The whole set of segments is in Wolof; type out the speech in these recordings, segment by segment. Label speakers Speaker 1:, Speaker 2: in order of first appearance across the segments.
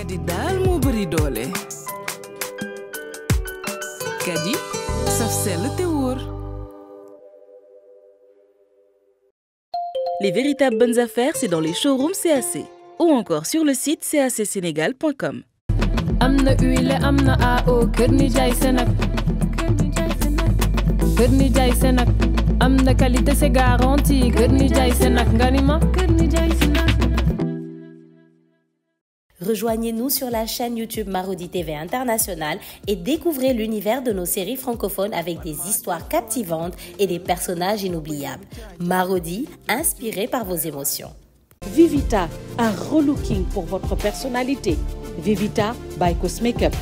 Speaker 1: kadi daal moo bëri doole kadi
Speaker 2: saf sell te wóor Les véritables bonnes affaires, c'est dans les showrooms CAC ou encore sur le site
Speaker 3: cacsénégal.com. amna huile amna AO keur ni jay senak Keur ni jay senak amna qualité c'est garanti keur ni
Speaker 2: jay senak ganima. Keur ni jay senak Rejoignez-nous sur la chaîne YouTube Marodi TV International et découvrez l'univers de nos séries francophones avec des histoires captivantes et des personnages inoubliables. Marodi, inspiré par vos émotions. Vivita, un relooking pour votre personnalité. Vivita by Cosmakeup.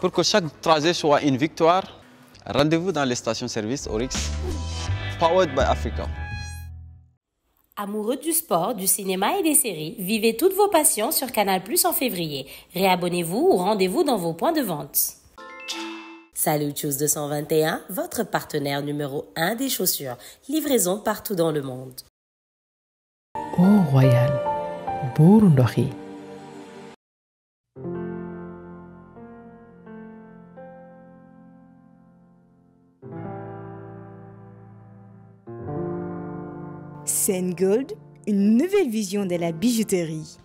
Speaker 4: Pour que chaque trajet soit une victoire, rendez-vous dans les stations-service Oryx. powered by Africa.
Speaker 2: Amoureux du sport, du cinéma et des séries, vivez toutes vos passions sur Canal Plus en février. Réabonnez-vous ou rendez-vous dans vos points de vente. Salut Choose 221, votre partenaire numéro 1 des chaussures. Livraison partout dans le monde.
Speaker 5: Oh, Royal,
Speaker 2: Sengold, Gold, une nouvelle vision de la bijouterie.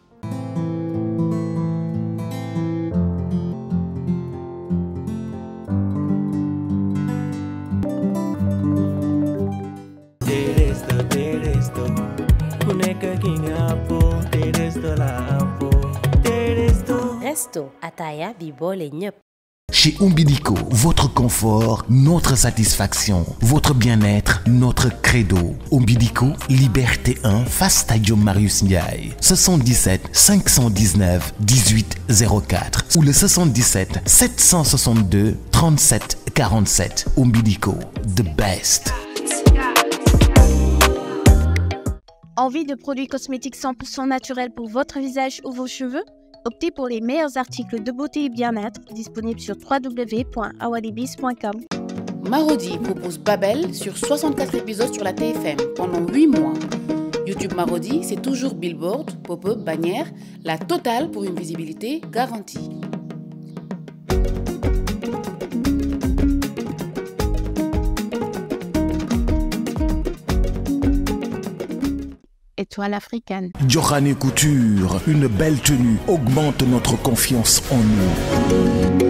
Speaker 2: Resto Ataya bi boole ñëpp
Speaker 6: chez Umbilico, votre confort, notre satisfaction, votre bien-être, notre credo. Umbilico, Liberté 1, face Marius Ndiaye. 77 519 1804 ou le 77 762 37 47. Umbilico, the best.
Speaker 2: Envie de produits cosmétiques 100% naturels pour votre visage ou vos cheveux Optez pour les meilleurs articles de beauté et bien-être disponibles sur www.awalibis.com. Marodi propose Babel sur 64 épisodes sur la TFM pendant 8 mois. YouTube Marodi, c'est toujours billboard, pop-up, bannière, la totale pour une visibilité garantie.
Speaker 3: étoile africaine.
Speaker 6: Johanny Couture, une belle tenue augmente notre confiance en nous.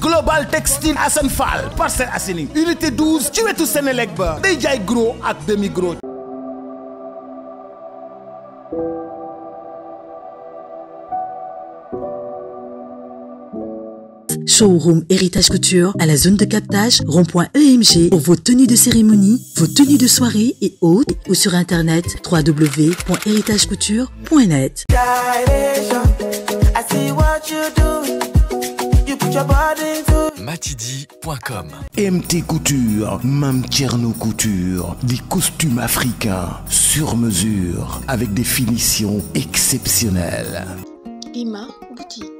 Speaker 6: Global Textile Hassan Fall Parcelles unité 12 tu es tous ba day déjà gros à demi gros
Speaker 2: showroom Héritage Couture à la zone de captage rond.emg pour vos tenues de cérémonie, vos tenues de soirée et autres ou sur internet www.héritagecouture.net.
Speaker 3: Matidi.com
Speaker 6: MT Couture, Mam Tcherno Couture, des costumes africains sur mesure avec des
Speaker 5: finitions exceptionnelles.
Speaker 2: Lima Boutique.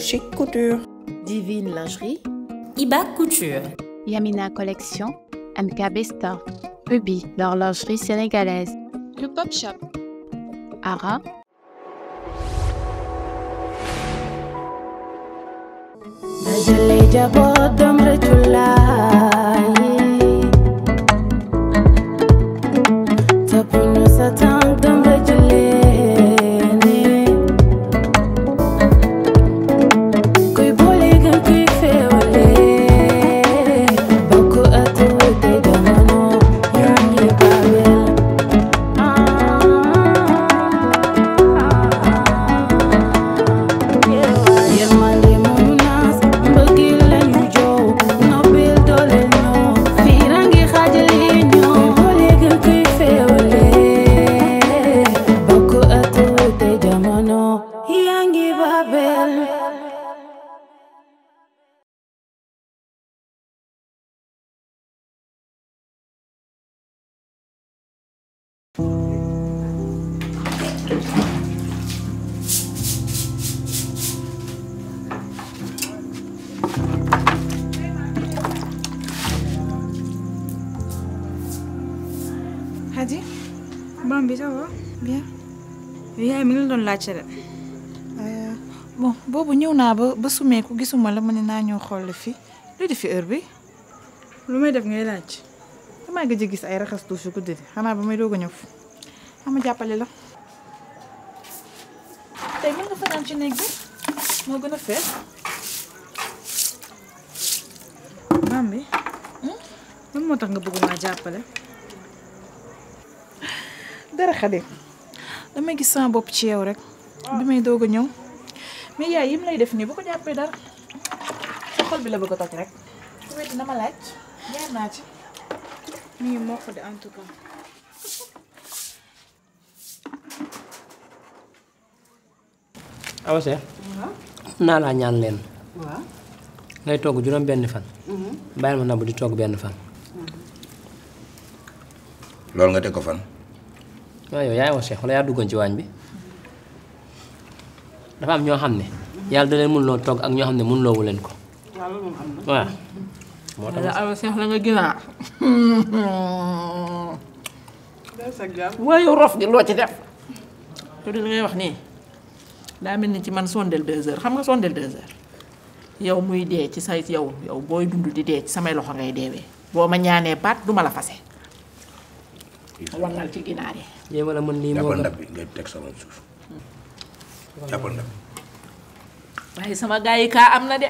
Speaker 2: Chic Couture. Divine Lingerie, Iba Couture, Yamina Collection, MKB Store, Ruby, l'horlogerie sénégalaise, le Pop Shop, Ara.
Speaker 7: naa ba ba sumeeku gisuma la ma ne naa ñëw xool fi luy def fi bi. lu may def ngay laaj.
Speaker 3: damaa gëj a gis ay raxas douche guddi xanaa ba may doog a ñëw
Speaker 7: ama ah, jàppale la. tey ci néeg bi moo a fees. bi. Hmm? moo tax nga bëgg jàppale.
Speaker 3: dara xale damay gis sama bopp ci yeew rek bi ah. may doog a ñëw. mais yaay yim lay def nii bu ko jàppee dara sa xol bi la Ya a toj rek su wetu dama laaj jaar ya. ci
Speaker 7: mi ngi moo ko de en tout cas
Speaker 8: Awa ñaan ngay togg benn fan mhm. ma nabu di togg benn fan mhm.
Speaker 6: loolu nga teg ko fan
Speaker 8: waaw yow ya. Awa Seex wala yaa duggoon ci waañ bi dafa am ño xam yalla da leen mën lo tok ak ñoo xam ne mun loowu leen ko waaw moo tax
Speaker 1: cheikh la nga gina wa waaye rof gi lo ci def to di ngay wax ni da melni ci man sondel 2 heures xam nga sondel 2 heures yow muy dé ci say yow yow boy dundu di dé ci samay loxo ngay déwé bo ma ñaané baat duma la fassé wonal ci ginaar yi
Speaker 8: jéema la mën mo ko ndab bi ngay tek
Speaker 6: sama suuf jàppal ndam.
Speaker 1: waaye sama gars yi kaa am na de.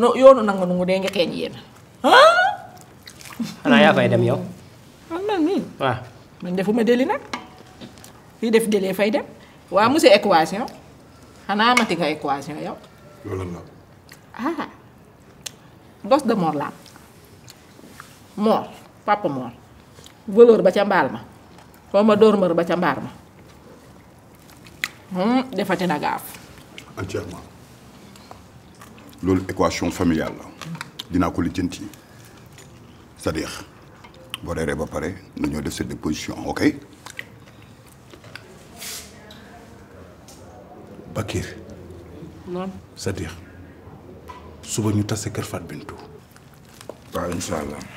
Speaker 1: no yoonu nangu nu de nga xeeñ yéen.
Speaker 8: xanaa yaa fay dem yow. man man mii. waaw
Speaker 1: defuma deli nag. fi def delee fay dem. waa monsieur équation. xanaa amati nga équation yow. Ah. dos de mor la mor papa mor. ba ca mbaal ma. xaw ma dóor mër ba ca mbaar ma hmm, defati na gaaf.
Speaker 6: entièrement loolu équation familiale la dinaa ko lijjanti c'est-à-dire boo reeree ba pare nañoo def cette déposition ok. Bakir. naam cest à suba ñu tase kër Fat Bintou.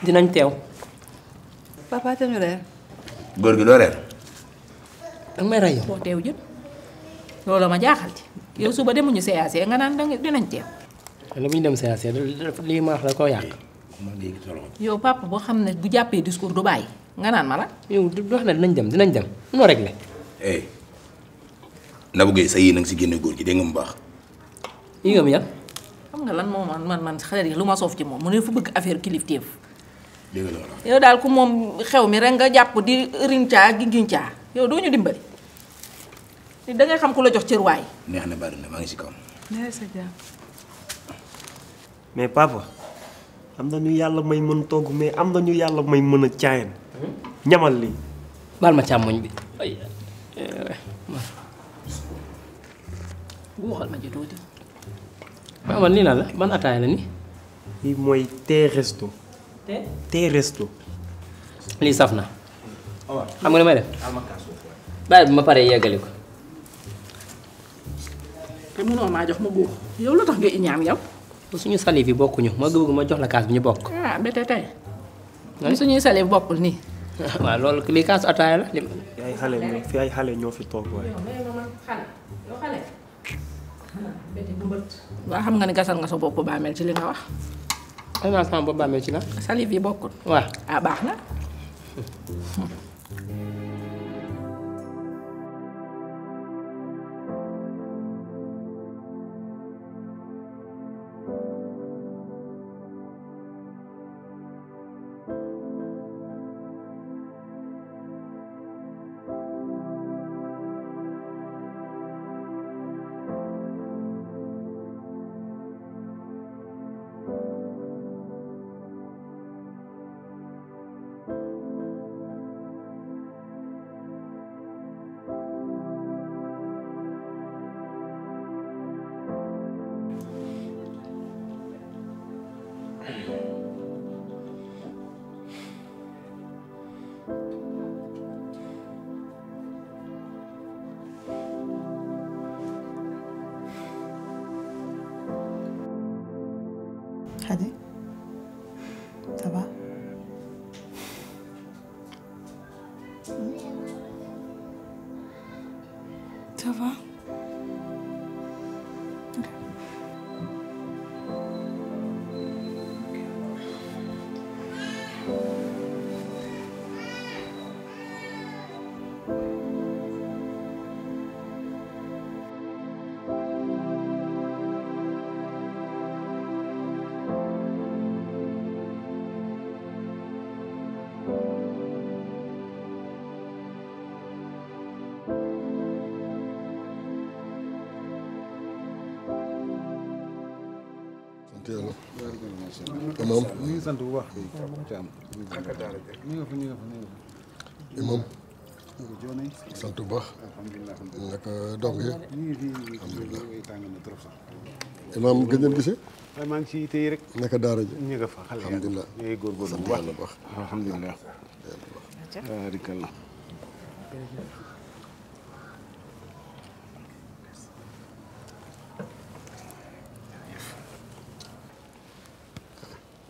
Speaker 8: dinañ teew.
Speaker 1: papa te reer. góor gi do reer dang may ray bo tew jëm lolo ma jaxal ci yow suba demu ñu CAC nga nan dang dinañ ci
Speaker 8: la buñ dem CAC li ma wax la ko
Speaker 6: yàq
Speaker 1: yow papa bo xamne bu jappé discours du bay nga nan mala yow du wax na dinañ dem dinañ dem no rek le
Speaker 6: eh na bu gey sa yi nang ci génne góor gi de nga mu bax yi nga mi yàq
Speaker 1: xam nga lan mo man man man xale yi luma sof ci mom mu ne fu bëgg affaire kilifteef dégg nga yow daal ku moom xew mi rek nga jàpp di rincaa gi gincaa yow doo ñu dimbali dangay xam ku la jox cër waay. na
Speaker 8: maa ngi si kawam. neex mais papa am na ñu yàlla may mën togg mais am na ñu yàlla may mën a caayan ñamal lii. baal ma càmmoñ bi
Speaker 5: ay
Speaker 1: waxal ma ji tuuti.
Speaker 8: man lii lan la man ataaya la ni mooy thé resto. tey resto lii saf na xam nga li may def bàyyi ma paree yeggali ko
Speaker 1: te mënoo maa jox ma buux yow lu nga iñaam yow
Speaker 8: suñu salif yi bokkuñu ma bëgg ma jox la kaas bi ñu
Speaker 1: ah mbete tey ñun suñuy salif bokkul nii
Speaker 8: waaw loolu lii kaasu ataaya la fi ay xale fi ay xale ñoo fi toog waaye
Speaker 1: waa xam nga ni gasal nga sa ci li nga wax xanaa sama bopp bàmmee ci la. salive yi bokkul. waaw ah baax la
Speaker 5: teel a.
Speaker 9: imam ñu ngi sant bu baax. imam. sant bu baax. naka dong yi. alhamdulilah. imam gëj ngeen gisee. maa ngi ciy tey rek. naka daara ji. ñu
Speaker 6: nga fa xale alhamdulilah. ñu ngi góorgóorlu bu baax sant yàlla bu baax.
Speaker 9: alhamdulilah.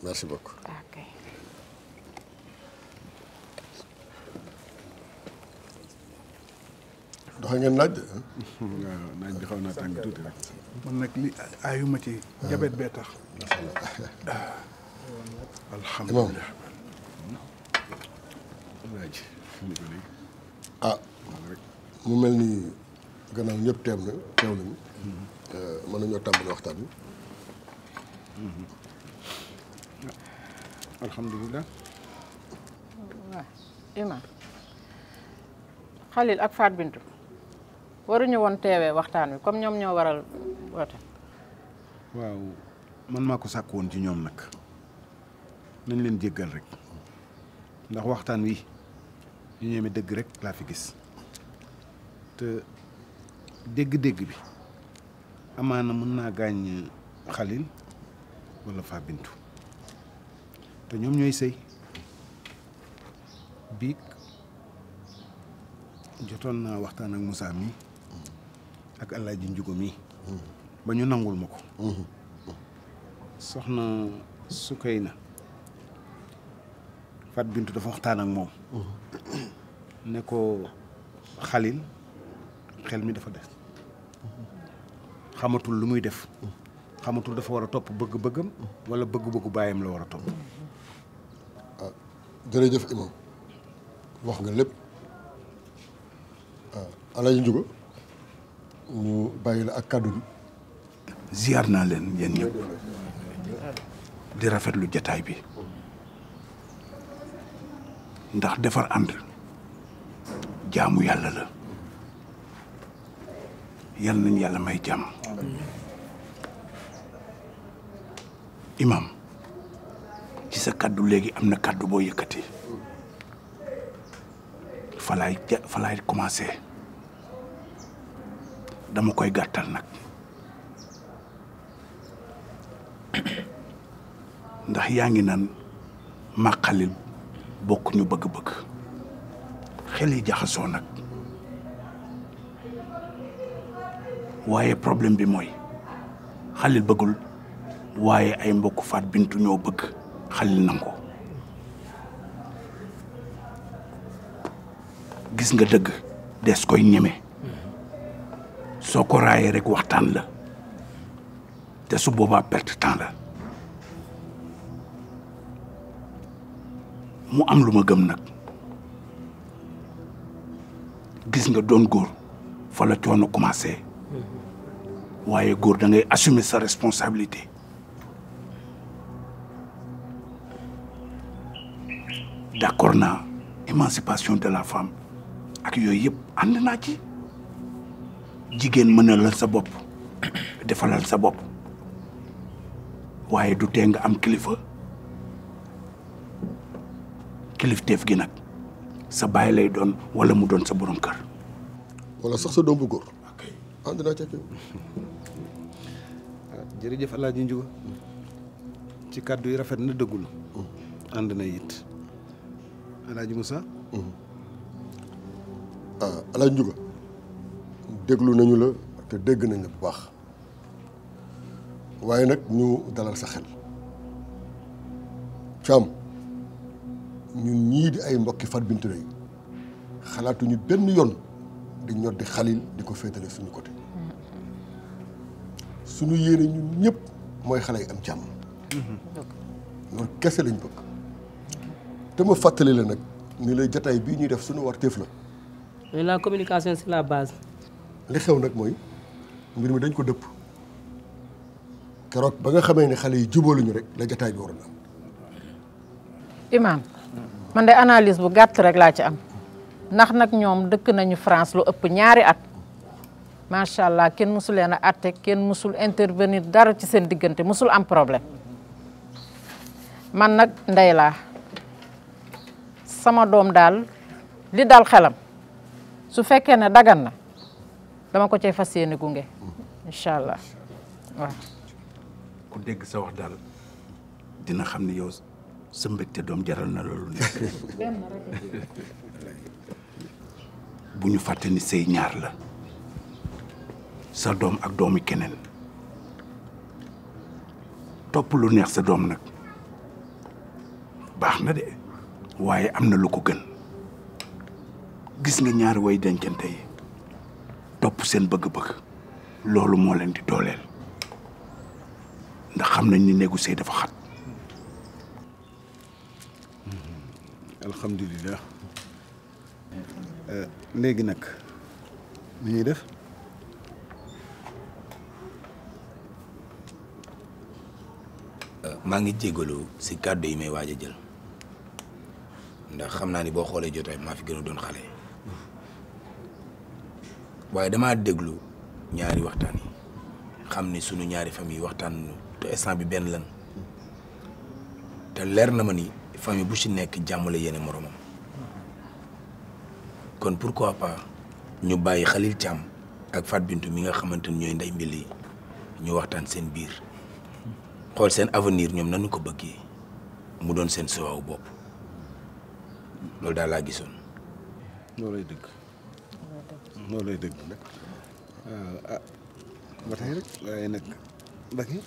Speaker 9: merci beaucoup. Okay. ngeen naaj
Speaker 6: man nag li ayuma ci. jabet bee tax.
Speaker 9: alhamdulilah. Ah, mu mel ni gannaaw ñëpp teew na teew nañu. Mm-hmm. Euh, mën nañoo tàmbali waxtaan bi. alhamdulillah
Speaker 1: Ima, Khalil ak Fat Bintou waruñu won téwé waxtaan wi comme ñom ñoo waral wota.
Speaker 6: waaw man mako ko sàkk ci ñom nak. nañ leen jéggal rek ndax waxtaan wi ñu ñëmi dëgg rek la fi gis te dégg-dégg bi amana mëna gañ Khalil wala Fat Bintou te ñoom ñooy sëy biig jotoon naa waxtaan ak Moussa mi ak Alaaji Njugo mi ba ñu nangul ma ko soxna na Fat Bintu dafa waxtaan ak moom ne ko Xalil xel mi dafa def xamatul lu muy def xamatul dafa war a topp bëgg-bëggam wala bëgg-bëggu baayam la
Speaker 9: war a topp jërëjëf imam wax nga lépp waaw euh, alaaji Ndiouga bàyyi la ak kàddu bi naa leen yéen ñëpp di rafetlu
Speaker 6: jataay bi ndax defar ànd jaamu yàlla la yal nañ yàlla may jàmm imam sa kaddu léegi am na kàddu boo yëkkati fa laay fa commencé dama koy gàttal nag ndax yaa ngi naan Maa Xalil bokk ñu bëgg-bëgg xel yi jaxasoo nag waaye problème bi mooy Xalil bëggul waaye ay mbokku faat bintu ñoo bëgg xalil nangu gis nga dëgg des koy ñeme soo ko raayee rek waxtaan la te su boobaa perte temps la mu am lu ma gëm nag gis nga doon góor fa la coono commencé mm-hmm. waaye góor da ngay assumer sa responsabilité d'accord naa émancipation de la femme ak yooyu yëpp ànd naa ci jigéen mënalal sa bopp defalal sa bopp waaye du tee nga am kilifa kilifteef gi nag sa baay lay doon wala mu doon sa borom kër.
Speaker 9: wala sax sa doom bu góor. ok ànd naa ca kii. Ah, jërëjëf ci kàddu yi rafet na dëggul mm. ànd na it. El Hadj Moussa. ah El Hadj Ndiouga déglu nañu la te dégg nañ la bu baax waaye nag ñu dalal sa xel Thiam ñun ñii di ay mbokki far Bintou Leye xalaatuñu benn yoon di ñor di xalil di ko féetale suñu côté suñu yéene ñun ñëpp mooy xale yi am jàmm.
Speaker 5: Mm-hmm.
Speaker 9: loolu kese lañ bëgg. te ma fàttali la nag ni lay jataay bii ñuy def suñu warteef
Speaker 8: la. communication c'est la base.
Speaker 9: li xew nag mooy mbir mi dañ ko dëpp keroog ba nga xamee ne xale yi jubaluñu rek la jataay bi waroon am.
Speaker 1: Imaam man de analyse bu gàtt rek laa ci am ndax nag ñoom dëkk nañu France lu ëpp ñaari at macha allah kenn mësul leen a atte kenn mësul intervenir dara ci seen diggante mësul am problème man nag ndey sama doom daal li daal xelam su fekkee ne dagan na dama ko cay fas yéene gunge incha allah waaw.
Speaker 6: ku dégg sa wax daal dina xam ne yow sa mbégte doom jaral na loolu nekk. bu ñu fàtte ni ñaar la sa doom ak doomi keneen topp lu neex sa doom nag baax na de. waaye am na lu ko gën gis nga ñaari way dencante yi topp seen bëgg-bëgg loolu moo leen di dooleel ndax xam nañ ni négocier dafa xat hmm. alhamdulilah euh, léegi nag ni ñuy def euh, maa ngi jégalu si kàddu yi may waaj a jël ndax xam naa ni boo xoolee jotaay maa fi gën doon xale waaye dama déglu ñaari waxtaan yi xam ni sunu ñaari famille waxtaan te bi benn lan te leer na ma ni famille bu ci nekk jàmm la yéene moromam kon pourquoi pas ñu bàyyi Khalil Thiam ak Fat Bintou mi nga xamante ni ñooy ndey mbili ñu waxtaan seen biir xool seen avenir ñoom nanu ko bëggee mu doon seen soowu bopp. loolu daal laa gisoon.
Speaker 9: loolu lay dëgg. loolu lay dëgg nag ah, ah
Speaker 6: ba tey rek waaye nag Mbacké.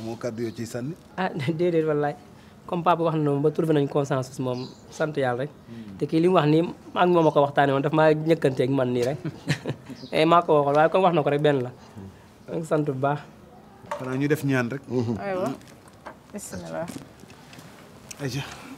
Speaker 6: amoo kàddu yoo ciy sànni.
Speaker 8: ah déedéet wallaay comme papa wax na noonu ba trouvé nañ consensus moom sant yàlla rek. Hmm. te kii li mu wax nii ak moom a ko waxtaanee woon daf maa ñëkkanteeg man nii rek eh, maa ko wax na ko rek benn la. donc sant bu
Speaker 1: baax.
Speaker 6: xanaa ñu def ñaan rek.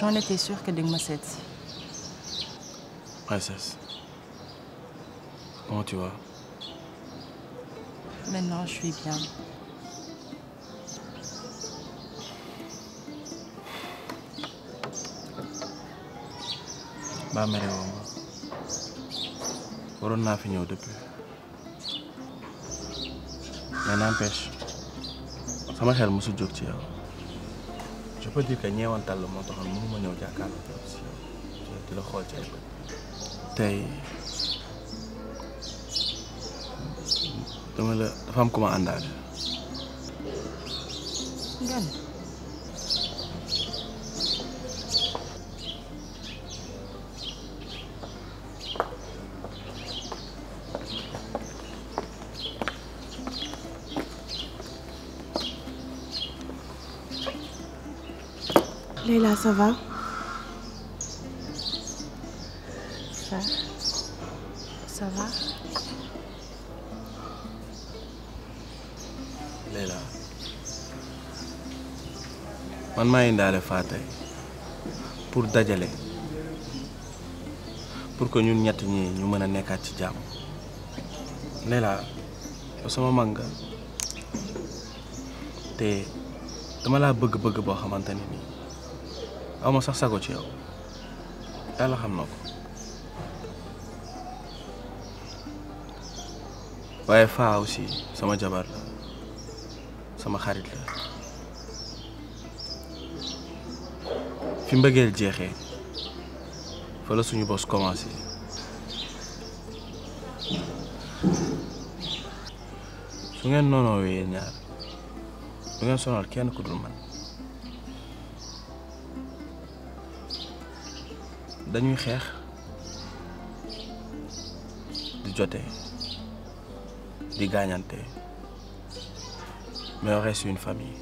Speaker 7: J'en étais sûre que de moi seet
Speaker 4: Princesse, comment tu vas?
Speaker 7: Maintenant, je suis bien.
Speaker 4: Bah, mais woo ma on a fini au début. mais n'empêche m'a fait le jóg de yow. je peux dire que ñeewantal moo taxoon mënu ma ñëw jàkkaarloo di la xool ci tey dama la dafa ku ma àndaale.
Speaker 3: là, ça va Ça,
Speaker 5: ça va
Speaker 4: Léla. man maa indaale Faté pour dajalé. pour que ñun ñett ñi ñu mën a nekkaat ci jàmm Léla. yow sama manga. Té. dama la bëgg-bëgg bo xamanteni ni awma sax sago ci yow yàlla xam na ko waaye faa aussi sama jabar la sama xarit la fi mbëggeel jeexee fa suñu bos commencé su ngeen noonoo wee ñaar du ngeen sonal kenn ku dul man dañuy xeex di jote di gaañante mais on reste une famille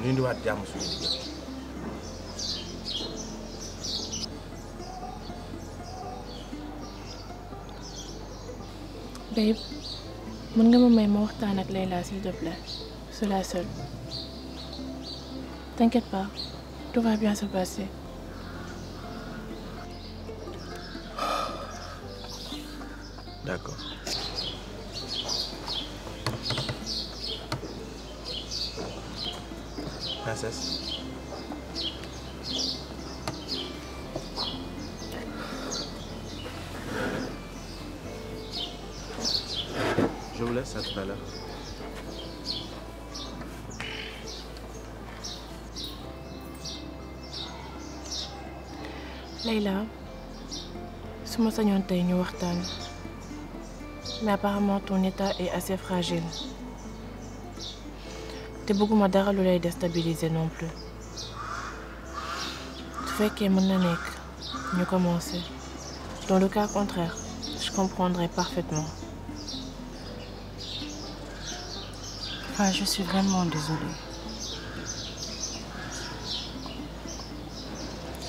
Speaker 4: ñu indiwaat jàmm suñu diggante
Speaker 3: babe mën nga ma may ma waxtaan ak Layla s'il te plaît cela seul T'inquiète pas, tout va bien se passer.
Speaker 4: D'accord. Princesse. Je vous laisse à tout à l'heure.
Speaker 3: là je suis sañoon de mais apparemment ton état est assez fragile te pas dara à le non plus Tu fais que na Mieux commencer dans le cas contraire je comprendrai parfaitement. Enfin, je suis vraiment désolée.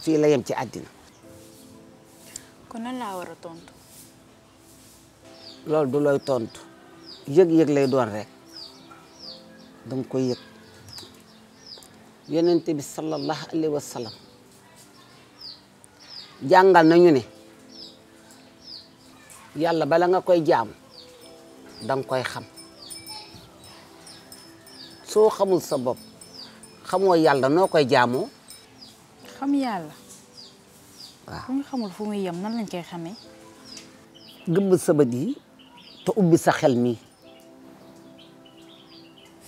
Speaker 10: fii la yem ci àddina.
Speaker 7: kon nan laa war a tontu.
Speaker 10: loolu du looy tontu yëg-yëg lay doon rek danga koy yëg yonent bi sallallahu alayhi wa sallam jàngal nañu ne yàlla bala nga koy jaamu danga koy xam soo xamul sa bopp xamoo yàlla noo koy jaamoo. xam yàlla. waaw
Speaker 7: bu ñu xamul fu muy yem nan lañ koy xamee.
Speaker 10: gëmm sa bët yi te ubbi sa xel mi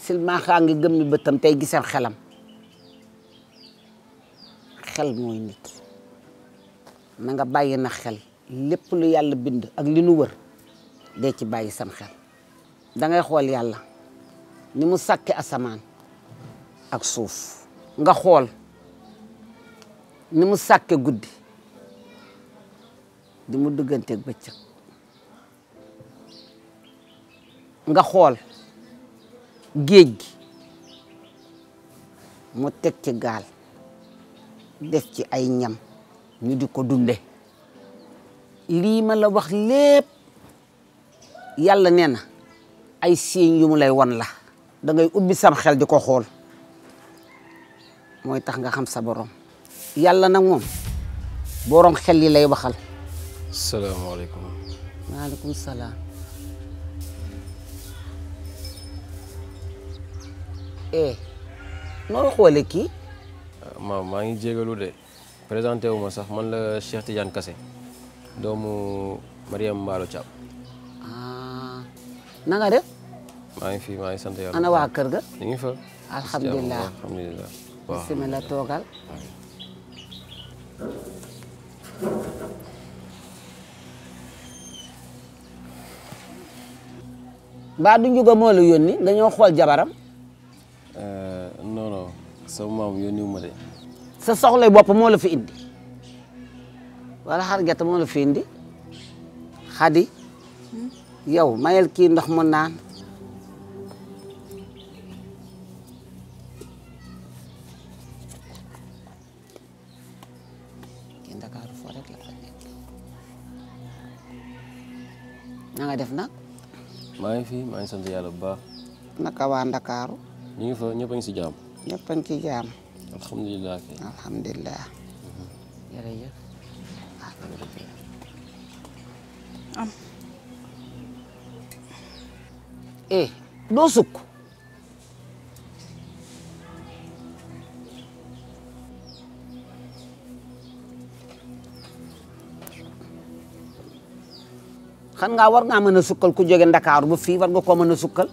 Speaker 10: silmaxaa ngi gëmmi bëtam tey gisal xelam xel mooy nit na nga bàyyi na xel lépp lu yàlla bind ak li nu wër dee ci bàyyi sam xel dangay xool yàlla ni mu sàkki asamaan ak suuf nga xool ni mu sàkke guddi di mu duggante bëccëg nga xool géej gi mu teg ci gaal def ci ay ñam ñu di ko dunde lii ma la wax lépp yàlla nee na ay siiñ yu mu lay wan la dangay ubbi sam xel di ko xool mooy tax nga xam sa borom يلا نموم بورم خلي لي بخل
Speaker 11: السلام عليكم
Speaker 10: وعليكم السلام ايه نروح ولكي
Speaker 11: ما ما يجي قالوا لي بريزانتي وما صح من الشيخ تيجان كاسي دومو مريم بارو تشاب
Speaker 10: اه نغاد
Speaker 11: ما في ما سانتي انا واكرغا نيفا الحمد لله الحمد لله بسم الله
Speaker 5: توكل
Speaker 10: baa du njuga moo la yónni dañoo xool jabaram. Euh, non non sama maam yónniwu ma de. sa soxla bopp moo la fi indi wala xargata moo la fi indi xadi hmm? yow mayel kii ndox mu naan. nga def nag.
Speaker 11: maa ngi fi maa ngi sant yàlla bu baax. naka waa Ndakaaru. ñu fa ñëpp si jaam. ñëpp a ci jaam. alhamdulilah. alhamdulilah.
Speaker 10: jërëjëf. Eh, doo sukk. xam ngaa war ngaa mën a sukkal ku jóge Ndakaaru ba fii war nga koo mën a sukkal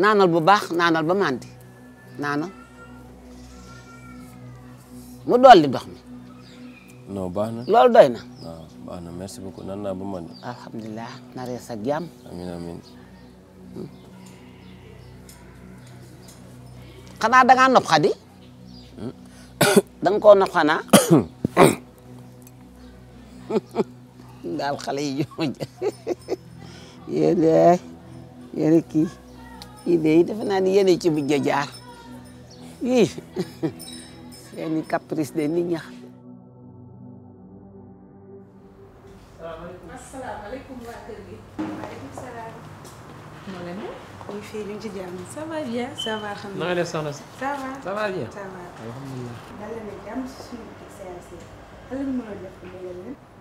Speaker 10: naanal bu baax naanal ba màndi naanal
Speaker 11: mu dolli dox mi. non baax na loolu doy na. naan naa ba màndi. alhamdulilah na rees ak jàmm. amin amin xanaa
Speaker 10: da hmm? koo nopp xanaa. daal xale yi ñoo ja yéen a yéen a yi defe naa ni yéen a ci mujj a jaar yii seen i caprice de nit ña. asalaamaaleykum waa kër
Speaker 5: gi. maaleykum salaam. moo leen ne. oui fii ñu ngi ci jàmm. ça va bien ça va. xam nga na
Speaker 7: nga def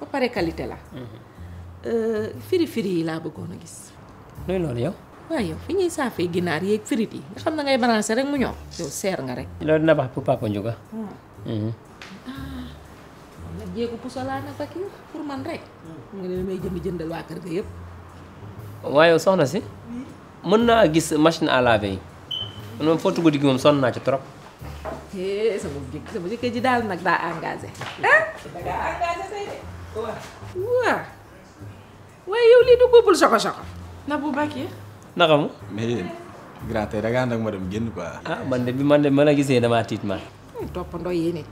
Speaker 1: ba pare qualité la mhm. eh, firi firi yi laa bëggoon a gis luy loolu yow waaw yow fi ñuy saafee ginaar yeeg firit yi nga xam na ngay balancer rek mu ñor yow seer nga rek loolu na bax pour papa Ndiouga mhm. ah, nag jéegu puso laa nag bakki pour man rek nga mm. ngi ne may jënd jëndal waa kër ga yëpp
Speaker 8: yow soxna si mën naa gis machine à laver yi man moom fottu guddi gi moom sonn naa ci trop
Speaker 1: eh, sama jëkk sama jëkkër ji daal nag daa engagé ah da ngaa engagé tey de Wah, wah, yow iya, lii du boobul saka soko na bu bàkk yi
Speaker 8: naka mu mais grand tey da nga ànd ma dem génn quoi ah man de bi man de ma la gisee hmm, damaa tiit man
Speaker 1: toppandoo yéen it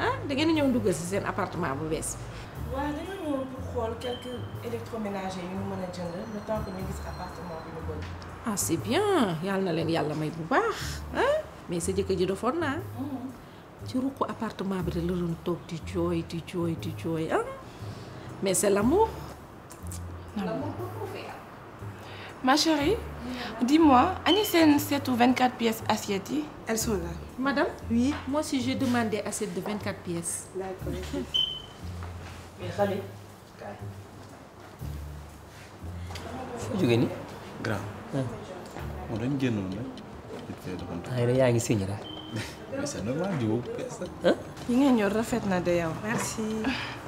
Speaker 1: ah da ngeen ñëw duggal si sen appartement bu bees
Speaker 3: waaw dañoo ñëw pour xool quelques électroménagers yu ñu mën a jënd le temps que ñu gis appartement bi
Speaker 1: ah c'est bien yàlla na leen yàlla may bu baax ah mais hmm. sa jëkkër ji defoon naa ci ruqu appartement bi de la doon toog di di di ah Mais c'est l'amour.
Speaker 3: Ma chérie, dis-moi, Anissène 7 ou 24 pièces assiettes Elles sont là. Madame Oui. Moi aussi, j'ai demandé assiette de 24 pièces. D'accord. Mais Khalé
Speaker 4: Foo jógee nii. grand. Hein? moom dañu génnoon rek. xëy na yaa
Speaker 8: ngi mais c'est normal
Speaker 4: di woo.
Speaker 3: Hein? yi ngeen ñor rafet na de yow. merci.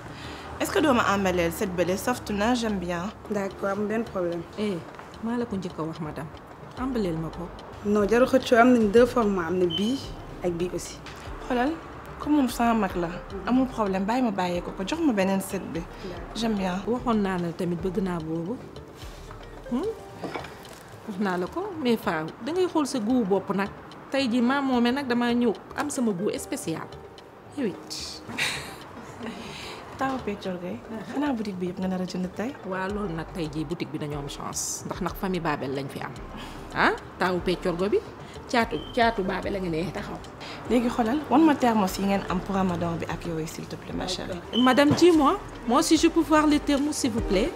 Speaker 3: est-ce que doo ma embelleel cette belle, sauf na j'aime bien. d'accord amul problème. eh maa la ko njëkk wax madame embelleel ma ko. non jarul xëccoo am nañ deux formats amne bi, bii bi aussi. xoolal comme moom sama mag la. Mhm. amul problème bàyyi ma bàyyee ko ko jox ma beneen set j'aime bien. waxoon naa la tamit bëgg naa Hmm? wax naa la ko
Speaker 1: mais faaw da ngay xool ce goût bopp nag tey jii maa moome nag damaa ñëw am sama goût spécial
Speaker 3: yow taawu Peccor Gueye. xanaa boutique bi yëpp
Speaker 1: nga nar a jënd tey. waaw loolu nag tey jii boutique bi dañoo am chance ndax nag famille Babel lañ fi am
Speaker 3: ah taawu Peccor Gueye bi caatu caatu Babel la nga ne taxaw. léegi xoolal wan ma thermos yi ngeen am pour ramadan bi ak yooyu s'il te ma chérie.
Speaker 1: madame dis-moi moi si je peux voir les thermos
Speaker 2: s'il vous plaît.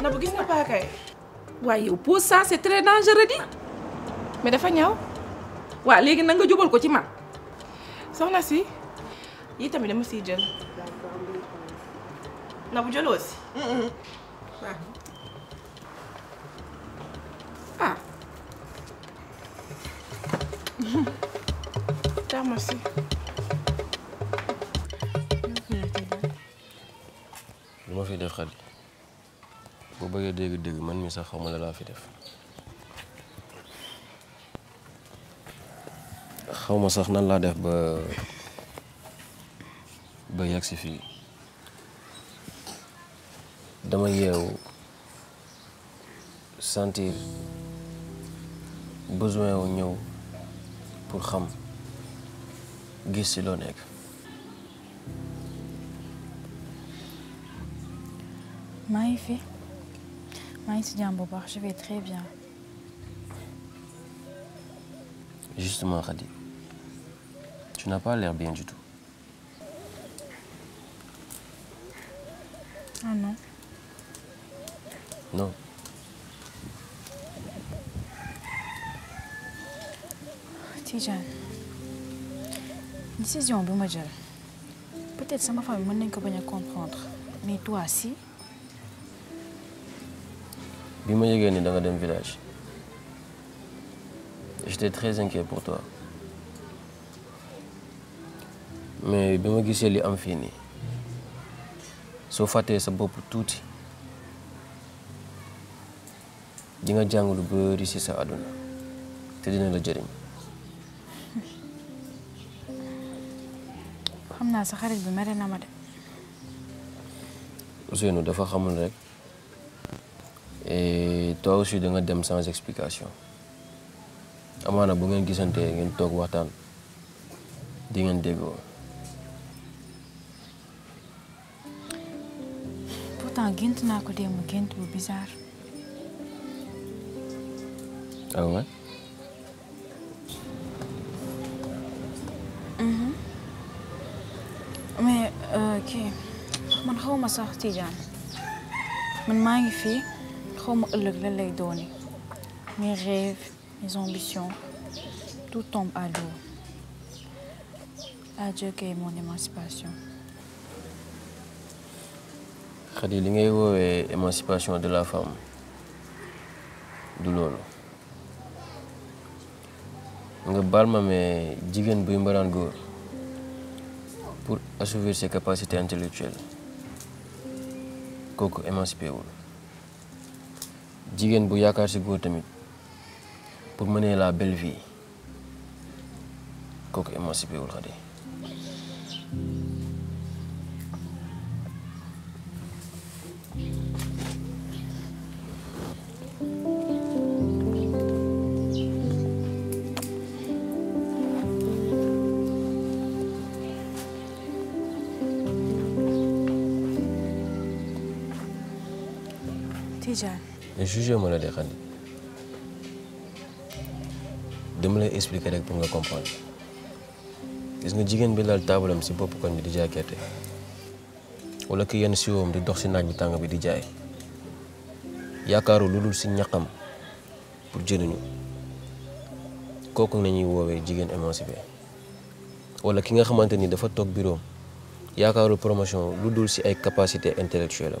Speaker 3: ok. Nabu gis nga paakaay. waaye yow pour ça c'est très dangereux di mais dafa ñaw waaw léegi na nga jubal ko ci man soxna si yi tamit dama siy jël na bu jëloo si mm, mm, mm. ah daa si
Speaker 11: lu ma fi def xadi boo bëggee dégg-dégg man mi sax xaw ma la laa fi def xaw ma sax nan laa def ba ba yegg si fii dama yeewu sentir besoin wu ñëw pour xam gis ci loo nekk
Speaker 7: Hein, je vais très bien.
Speaker 11: Justement, Radi, tu n'as pas l'air bien du tout. Ah non Non.
Speaker 7: Tijan, décision, Bumajal. Peut-être que ma femme ne pas comprendre. Mais toi, si.
Speaker 11: Bima ma dans ni da nga dem village j'étais très inquiet pour toi mais bi ma li am fini. So faté fàttee sa bopp tuuti di nga jàng lu ci sa aduna. te dina la jëriñ.
Speaker 7: xam sa xarit bi mere na ma de.
Speaker 11: Ousseynou dafa xamul rek et toi aussi tu dem sans explication amana bu ngeen ngeen tok waxtan di ngeen
Speaker 7: pourtant gént naa ko démb bu bizarre. ah ouais. Mm-hmm. mais euh, kii man sax comme le lan lay donné. mes rêves mes ambitions tout tombe à l'eau adieu est mon émancipation
Speaker 5: Ce
Speaker 11: li ngay woowee émancipation de la femme du Je nga baal ma mais jigéen buy mbaraan go pour assouvir ses capacités intellectuelles kooku émancipé jigéen bu yakar si góor tamit pour mener la belle vie kooku émancipé wul Khady jugé ma la de xadi dama lay expliquer rek pour nga comprendre gis nga jigéen bi laal taabalam si bopp koñ bi di jaay gerte wala ki yenn siwoom di dox si naaj bi tàng bi di jaay yaakaaru lu dul si ñaqam pour jënuñu kooku nañuy woowee jigéen émancipé wala ki nga xamante ni dafa toog bureau yaakaaru promotion lu dul si ay capacité intellectuelle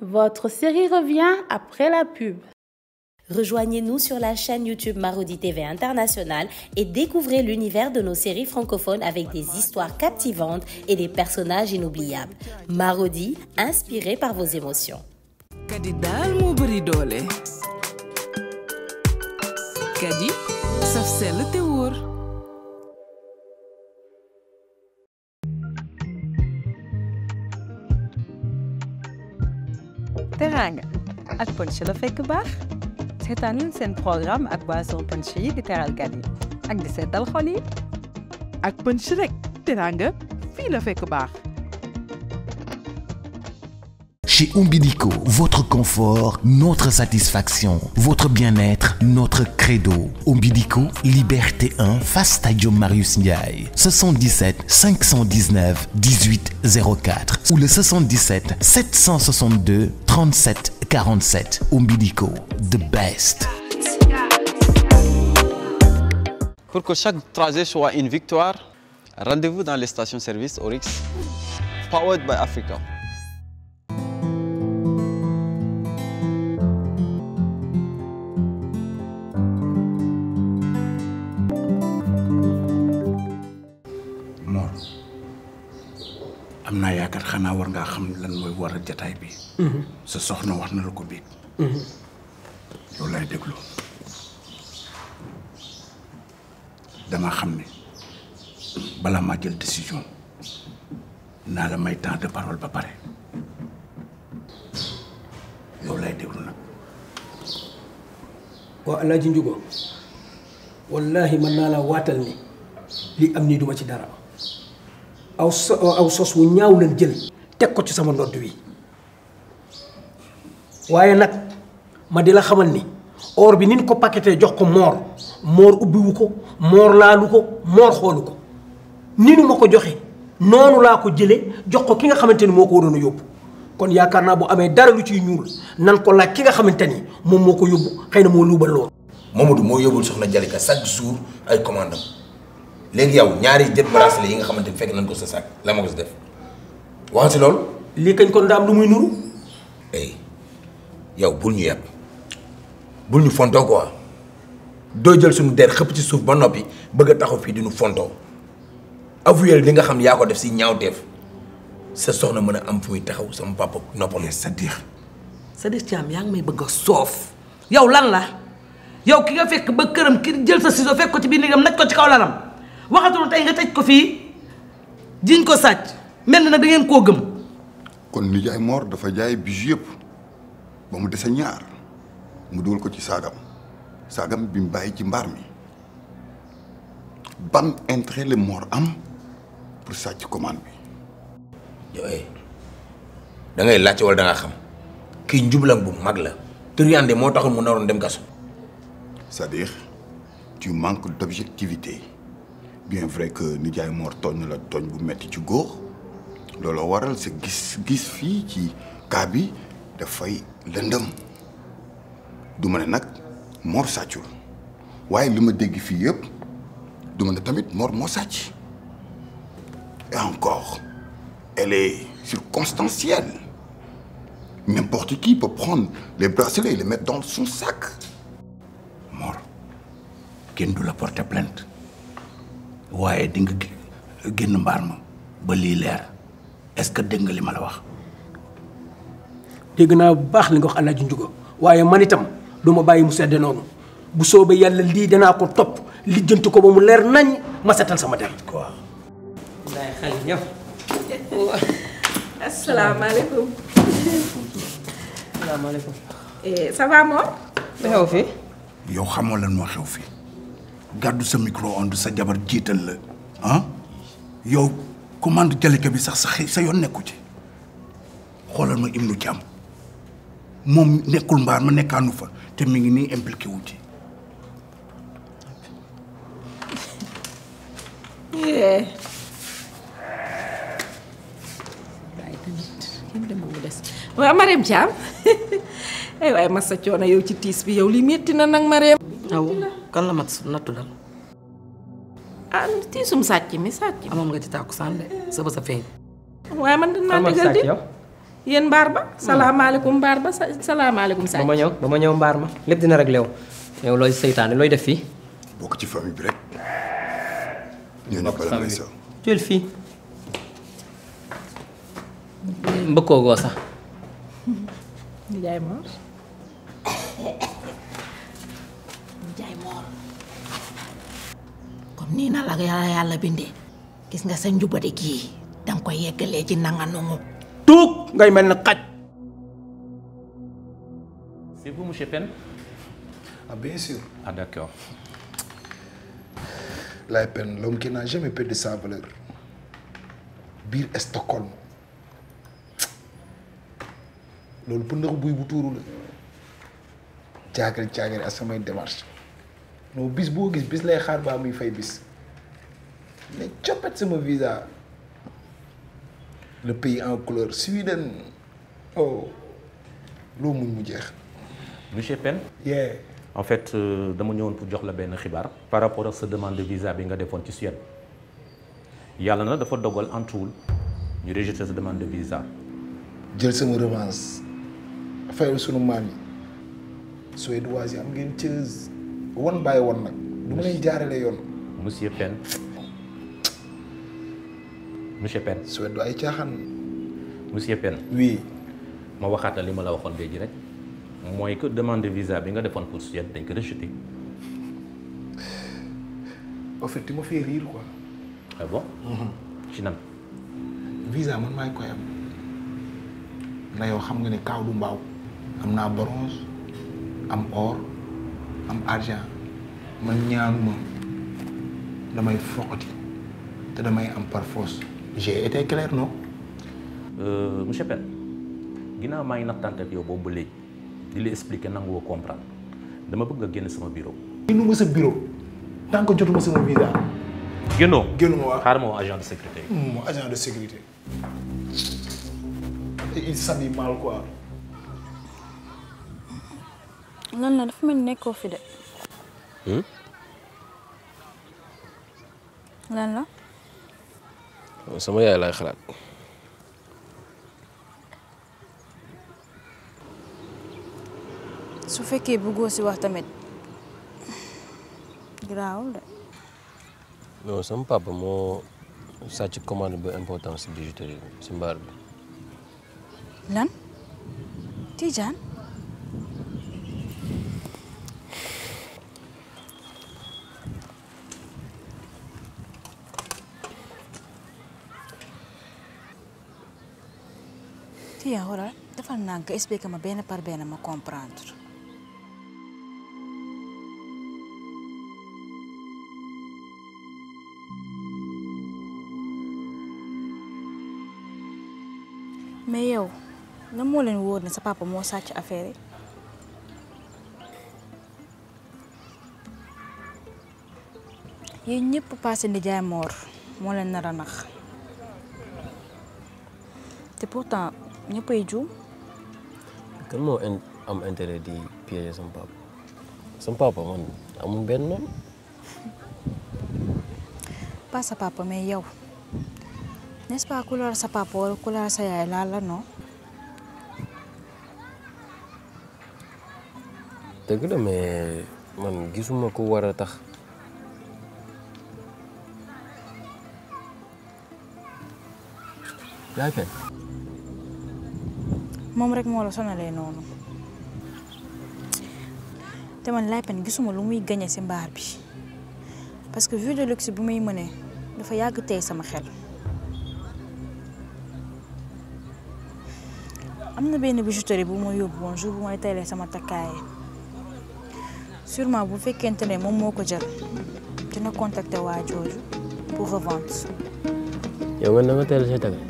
Speaker 2: Votre série revient après la pub. Rejoignez-nous sur la chaîne YouTube Marodi TV International et découvrez l'univers de nos séries francophones avec des histoires captivantes et des personnages inoubliables. Marodi, inspiré par vos émotions. Kadi saf sell e te
Speaker 1: wóor.
Speaker 12: ak ponche la fekk baax seetaan seen programme ak boisson ponche yi di teral gan yi
Speaker 1: ak di seetal xol yi. ak ponche rek teraanga fii la fekk baax.
Speaker 6: Chez Umbilico, votre confort, notre satisfaction, votre bien-être, notre credo. Umbilico, Liberté 1, face Stadium Marius Ndiaye. 77 519 1804 ou le 77 762 37 47. Umbilico, the best.
Speaker 4: Pour que chaque trajet soit une victoire, rendez-vous dans les stations-service Oryx. powered by Africa.
Speaker 6: xanaa war ngaa xam lan mooy waral jataay bi. Mhm. sa soxna wax na la ko biig mhm. loolu laay déglu dama xam ne balaa maa jël décision naa la may temps de parole ba pare loolu laay déglu nag. waaw El Hadj Ndiougo wallaahi naa la waatal ni li am nii duma ci dara. aw so aw sos wu ñaaw leen jël teg ko ci sama ndodd wi waaye nag ma di la xamal ni or bi nin ko paqueté jox ko moor moor ubbiwu ko moor laalu ko moor xoolu ko ninu ma ko joxe noonu laa ko jële jox ko ki nga xamante ni moo ko waroon a kon yaakaar naa bu amee dara lu ciy ñuul nan ko laaj ki nga xamante ni moom moo ko yóbbu xëy na moo luubal loolu. Mamadou moo yóbbul soxna Jalika chaque jour ay commande léegi yow ñaari jët bracelet yi nga xamante ni fekk nañ ko sa sac la ma ko si def wax si loolu. lii kañ kon daam lu muy nuru. ey yow bul ñu yàpp bul ñu fontoo quoi jël suñu der xëpp ci suuf ba noppi bëgg a taxaw di ñu fontoo avouer li nga xam ko def si ñaawteef sa soxna mën am fu muy taxaw sama papa noppam. mais Sadikh.
Speaker 12: Sadikh Thiam yaa ngi may bëgg a yow lan la yow ki nga fekk ba këram ki jël sa ciseau fekk ko ci waxatu tay nga tej ko fi diñ ko sacc mel na da
Speaker 6: ngeen ko gëm.
Speaker 9: kon nijaay Mor dafa jay bijou yep ba mu dese ñaar
Speaker 6: mu dugal ko ci sagam sagam bi mu bàyyi ci mbar mi ban entrer le mort am pour sacc commande bi. yooyu eh, da ngay lacc wala da nga xam ki njublam bu mag la turiande mo taxul mu naroon dem gasso c'est-à-dire tu manques d'objectivité. bien vrai que nijaay mort togn la togn bu metti ci góor lolo waral sa gis-gis fi ci kabi da fay lëndëm du mané nak nag Mor sàccul waaye li ma dégg fii yëpp du tamit Mor mo sàcc et encore elle est circonstancielle n'importe qui peut prendre les bracelets et les mettre dans son sac mort kenn du la porter plainte waaye di nga génn mbaar ma ba lii leer est-ce que dégg nga li ma la wax. dégg naa bu baax li nga wax Alaaji Njugo waaye man itam du ma bàyyi mu sedd noonu bu soobee yàlla lii danaa ko topp lijjanti ko ba mu leer nañ ma setal sama der quoi.
Speaker 8: ndaay xale ñëw.
Speaker 1: asalaamaaleykum. asalaamaaleykum. Eh, ça va
Speaker 6: xew fi. yow xamoo lan moo xew fi. gàddu sa micro-ondes sa jabar jiital la ah yow commande Jalika bi sax sa xëy sa yoon nekku ci xoolal ma Ibnou Thiam moom nekkul mbaar ma nekkaanu fa te mi ngi nii impliqué wu ci.
Speaker 1: waaw Marème Thiam ay eh, waaye massa coono yow ci tiis bi yow li metti na nag Marème aw kan la mat nattu dal. ah tiisum sàcc mi sàcc. amoon ah, nga ci tàkkusaan de sa bës a feeñ. waaye man dinaa digal di yéen mbaar ba. Hmm. salaamaaleykum mbaar ba salaamaaleykum sàcc. ba ma
Speaker 8: ñëw ba ma ñëw mbaar ma lépp dina réglé wu. yow looy seytaane looy def fii.
Speaker 6: bokk ci famille bi rek. ñu
Speaker 5: ne bala may saw.
Speaker 8: jël fii. mbëkkoogoo sax.
Speaker 3: Ndiaye Mor.
Speaker 1: nina na la yàlla yàlla bindee gis nga sa njubadi gi dang koy yeggalee ya ci nanga nungu
Speaker 6: tuk ngay mel xaj c'est vous monsieur Pen ah bien sûr ah d'accord la pen l'homme qui n'a jamais perdu sa valeur biir Stockholm loolu pëndax buy bu la jagal jagal asamay démarche non bis boo gis bis lay xaar baa muy fay bis ne coppet sama visa le pays en couleur Sweden oh loo mun mu jeex. monsieur Pen yeah. en fait euh, dama ñëwoon pour jox la benn xibaar. par rapport ak sa demande de visa bi nga defoon ci Suède yàlla na dafa dogal antuwul ñu rejeté sa demande de visa. jël sama revanche fayal sunu maam yi suédois yi am ngeen cëz. one by one nag. du ma leen jaarale yoon. monsieur Pène monsieur Pène. Suède du ay caaxaan. monsieur Pène. ma waxaat li ma la waxoon léegi rek mooy que demande de visa bi nga defoon pour Suède dañ ko rejeté. en fait tu m'as fait rire quoi. ah bon. Mhm. ci nan. visa man maa koy am na xam nga ne kaaw du mbaaw am naa bronze am or. am argent man ñaanuma damay foqati te damay am par force j'ai été clair no euh, monsieur Pène ginnaaw maa ngi nattante ak yow boobu ba léegi di la expliquer nanguwoo comprendre dama bëgg nga génn sama bureau. génnuma sa bureau tant que jotuma sama visa. génnoo génnuma waaw xaaral ma woo agent de sécurité. Hmm, agent de sécurité il s'habille mal quoi.
Speaker 7: lan la dafa mel non, fi de. lan la. sama yaay non, non, su non, non, non, wax tamit non, de.
Speaker 11: non sama papa non, non, commande bu importance non, non, non,
Speaker 7: non, bi. lan non, Safia xoolal defal naa nga ma benn par benn ma comprendre. mais yow na moo leen wóor ne sa papa moo sàcc affaire yi. yéen ñëpp paase nijaay moor moo leen nara a nax te pourtant. pay ya, juum.
Speaker 11: kan mo am intérêt di piéger son papa son papa man am ben non
Speaker 7: pas sa papa mais yow nest pas couleur sa papa wala couleur sa yaay la la non.
Speaker 11: deug la mais man gisuma ko wara ya, tax. Yeah, okay.
Speaker 7: moom rek moo la sonalee noonu te man Laye gisuma lu muy gañe ci mbaar bi parce que vue de luxe bi muy mënee dafa yàgg tey sama xel. am na benn bijouterie bu ma yóbbu woon jour bu may teelee sama takkaay sûrement bu fekkente ne moom moo ko jël dina contacter waa jooju pour revente.
Speaker 11: yow nga na nga teel sa takkaay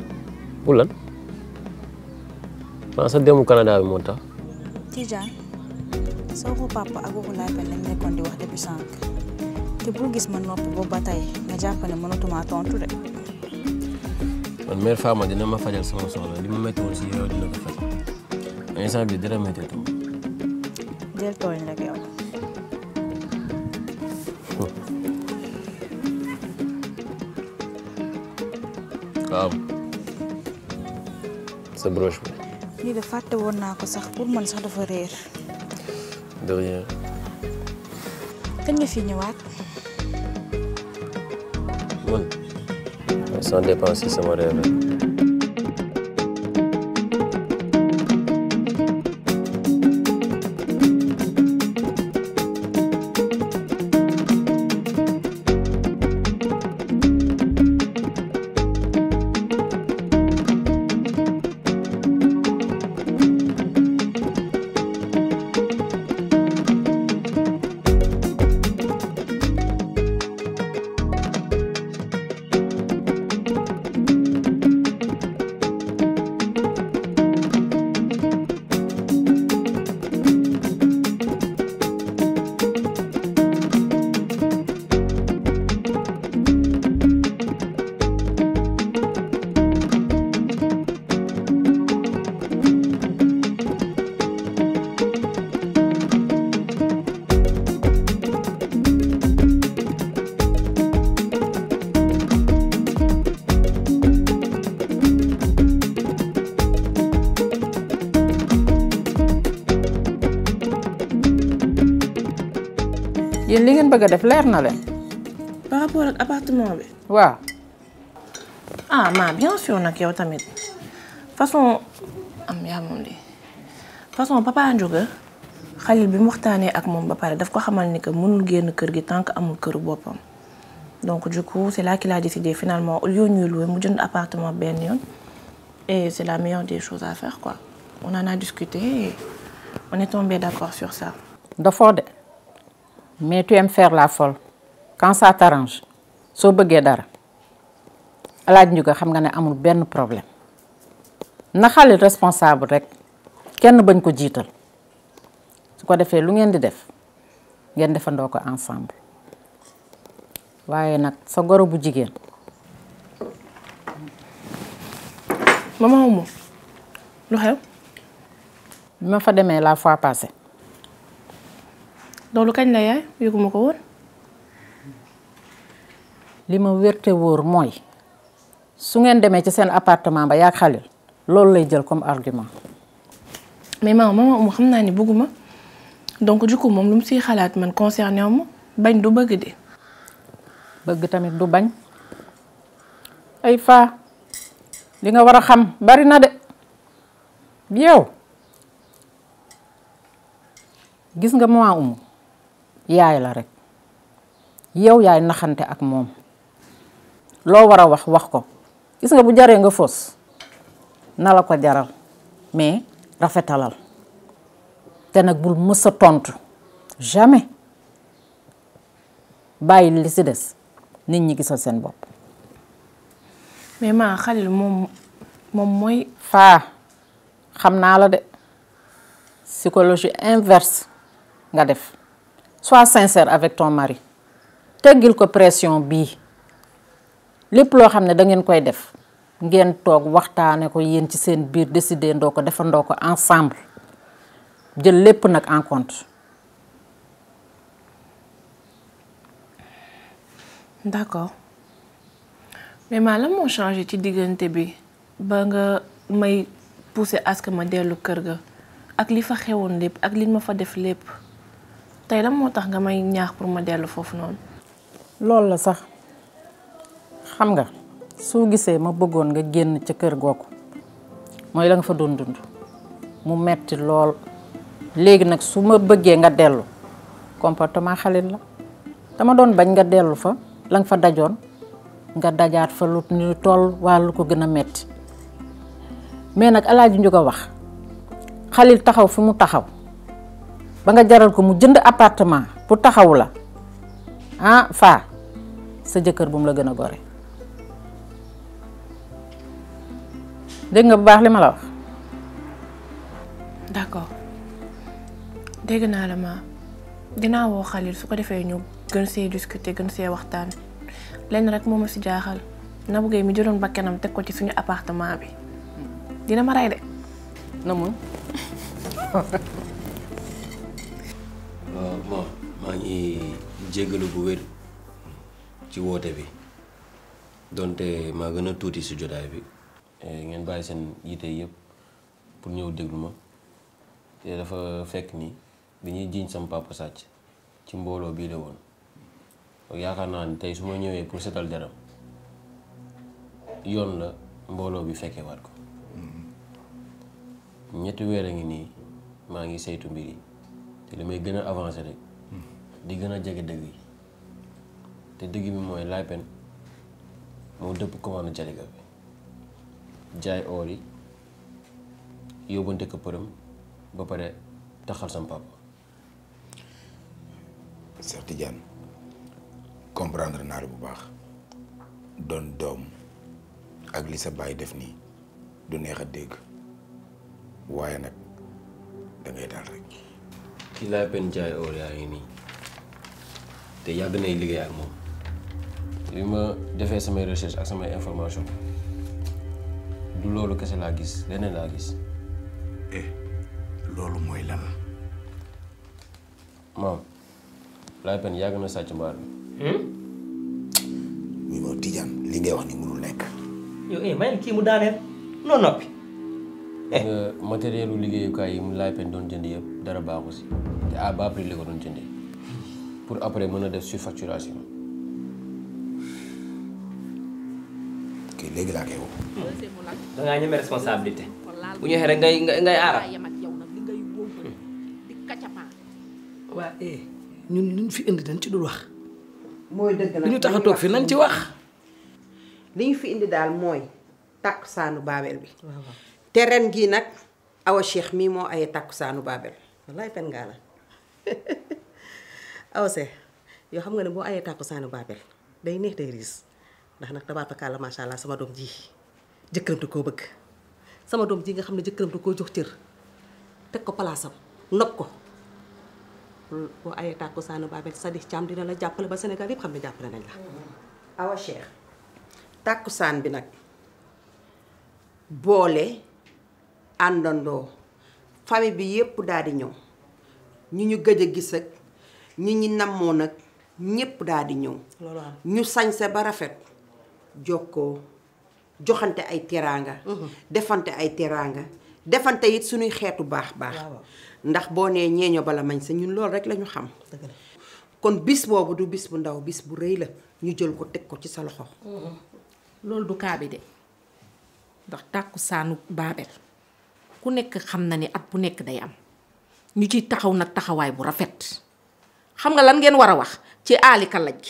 Speaker 11: pour lan. xanaa ah, sa demu Canada moo tax.
Speaker 7: soo ko papa ak waxu laay lañ nekkoon di wax depuis sànq te bu gis ma nopp boobu ba nga jàpp ne mënatuma tontu de.
Speaker 11: man mère Fama dina ma fajal sama soxla li ma métti woon si dina ko faj mais instant bii dara métti tam.
Speaker 7: jël tooñ rek yow. waaw lii de fàtte woon naa ko sax pour man sax dafa réer. de rien. kañ nga fi ñëwaat.
Speaker 11: man sans dépenser sama réer
Speaker 1: ngeen def leer na
Speaker 5: par
Speaker 3: rapport ak appartement bi. ah ma bien sûr nag yow tamit façon am yaa moom de façon papa Ndiouga Khalil bi mu waxtaanee ak moom ba pare daf ko xamal ni que mënul génn kër gi tant que amul këru boppam. donc du coup c'est là qu'il a décidé finalement au lieu ñuy louer mu un appartement bien et c'est la meilleure des choses à faire quoi on en a discuté et on est tombé d'accord sur ça. dafoo mais tu aimes faire la folle quand ça t'arrange
Speaker 1: so beugé dara ñu ko xam nga né amul benn problème na xale responsable rek kenn bañ ko jital su ko défé lu ngeen di def ngeen defandoo ko ensemble waaye nak sa goro bu jigen mama Oumou lu xew bima ma fa démé la fois passée
Speaker 3: loolu kañ la yaay yëguma ko woon.
Speaker 1: li ma wérte wóor mooy su ngeen demee ci seen appartement ba yaa Xalil loolu lay jël comme argument.
Speaker 3: mais ma maman xam naa ne bëgguma donc jukku moom lu mu siy xalaat man concerné wu ma bañ du bëgg de. bëgg tamit du bañ. ay fa li nga war a xam
Speaker 1: bari na de yow gis nga moo umu yaay la rek yow yaay naxante ak mom lo wara wax wax ko gis nga bu jaré nga fos nala ko jaral mais rafetalal te nak bul mësa tontu jamais bàyyi li ci dess nit ñi gisal seen bop
Speaker 3: mais ma Xalil mom mom
Speaker 1: moy fa xamna la de psychologie inverse nga def. sois sincère avec ton mari teggil ko pression bii lépp loo xam ne da ngeen koy def ngeen toog waxtaane ko yeen ci sen biir décider ndoko ko defandoo ensemble jël lepp nak en
Speaker 3: compte. d'accord mais ma lan mo changé ci diggante bi ba nga may pousser à ce que ma dellu kër ga ak li fa xewoon lepp ak li ma fa def lepp tey lan moo tax nga may ñaax pour ma dellu foofu noonu. loolu la sax
Speaker 1: xam nga soo gisee ma bëggoon nga génn ca kër googu mooy la nga fa doon dund mu metti lool léegi nag su ma bëggee nga dellu comportement xalit la dama doon bañ nga dellu fa la nga fa dajoon nga dajaat fa lu ñu toll waa lu ko gën a metti mais nag alaaji njuga wax xalit taxaw fu mu taxaw ba nga jaral ko mu jënd appartement pour taxawu la ah fa sa jëkkër bu mu la gëna goré gore dégg nga bu baax li ma la wax d'accord
Speaker 3: dégg na la ma dina wo Khalil su ko defee ñu gën sé discuter gën sé waxtaan lén rek moo ma jaaxal bu gay mi bakkanam tek ko ci suñu appartement bi dina ma rey
Speaker 11: Ma, maa ngi jégalu bu wér ci woote bi donte maa gën a tuuti si jotaay bi eh, ngeen bàyyi seen yite yëpp pour ñëw déglu ma te dafa fekk ni dañuy jiiñ sama papa sàcc ci mbooloo bii la woon yaakaar naa ni tey su ma ñëwee pour setal deram yoon la mbooloo bi fekkee waat ko mm-hmm. ñetti weer a ngi nii maa ngi saytu mbir yi te li may gën a avancé rek di gën a jege dëgg yi te dëgg bi mooy Laye Pène moo dëpp commande Jalika bi jaay oor yi yóbbante ko përëm ba pare taxal sam papa Cheikh
Speaker 6: comprendre naar bu baax doon doom ak li sa baay def nii du
Speaker 11: neex a dégg waaye nag da daal rek kii laay pen jaay or yaa nii te yàgg nay liggéey ak moom li ma defee samay recherche ak samay information du loolu kese laa gis leneen laa gis. eh loolu mooy lan. maam laay yàgg na sàcc mbaar bi.
Speaker 5: Hmm?
Speaker 8: muy ma li ngay wax ni mënul nekk. yow eh mayel kii mu daaneel
Speaker 11: noo noppi. nga matériel liggéeyukaay yi mu laay pen doon jënd yëpp dara baaxu si te à bas prix la ko doon jëndee pour après mën a def surfacturation. ok léegi laa koy woo.
Speaker 1: da ñeme responsabilité. bu ñu xeere ngay ngay aara.
Speaker 12: waa eh ñun luñ fi indi dañ ci dul mooy dëgg ñu tax a toog fi nañ ci wax. li ñu fi indi daal mooy takk saanu baabel bi. te ren gii nag awa cheikh mii moo ay tàkkusaanu Baabel wallaay fen ngaa la awa se yoo xam nga ne boo ayee tàkkusaanu Baabel day neex day riis ndax nag tabaarkalla macha allah sama doom ji jëkkëram koo bëgg sama doom ji nga xam ne jëkkëram da koo jox cër teg ko palaasam nopp ko hmm, boo ayee tàkkusaanu Baabel Sadikh Thiam dina la jàppale ba Sénégal yëpp xam ne jàppale nañ la awa cheikh tàkkusaan bi nag boole àndandoo famille bi yépp daal di ñëw ñu ñu gëj a gis ak ñi ñi nammoo nag ñépp daal di ñëw ñu sañse ba rafet jokkoo joxante ay teraanga mhm. defante ay teraanga defante it suñuy xeetu baax baax ndax boo nee ñeeño bala mañ sa ñun lool rek lañu xam kon bis boobu du bis bu ndaw bis bu rëy la ñu jël ko
Speaker 1: teg ko ci sa loxo mhm. loolu du kaa de ndax tàkku saanu baabel ku nekk xam na ni at bu nekk day am ñu ci taxaw nag taxawaay bu rafet xam nga lan ngeen war a wax ci aali laj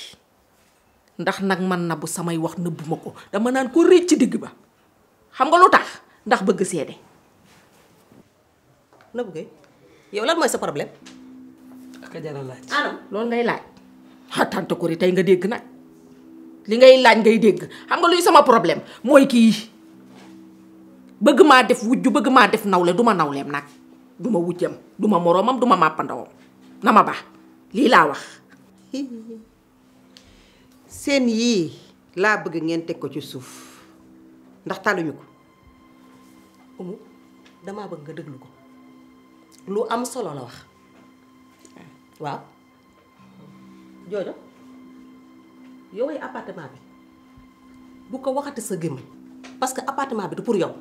Speaker 1: ndax nag man na bu samay wax nëbbuma ko dama naan ko rëcc ci digg ba xam nga lu tax ndax bëgg seede
Speaker 12: na Gueye yow lan mooy sa problème
Speaker 1: ak jara laaj anam lool ngay laaj ha ah, tante ko ri tey nga dégg nag li ngay laaj ngay dégg xam nga luy sama problème mooy kii bëgg maa def wujju bëgg maa def nawle duma ma nawleem nag du ma wujjam du ma moroomam du ma màppandawam na ma baax lii laa wax seen
Speaker 12: yii laa bëgg ngeen teg ko ci suuf ndax taluñu ko umu damaa bëgg nga déglu ko lu am solo la wax waaw joojo yoway appartement bi bu ko waxati sa gémmiñ parce que appartement bi du pour yow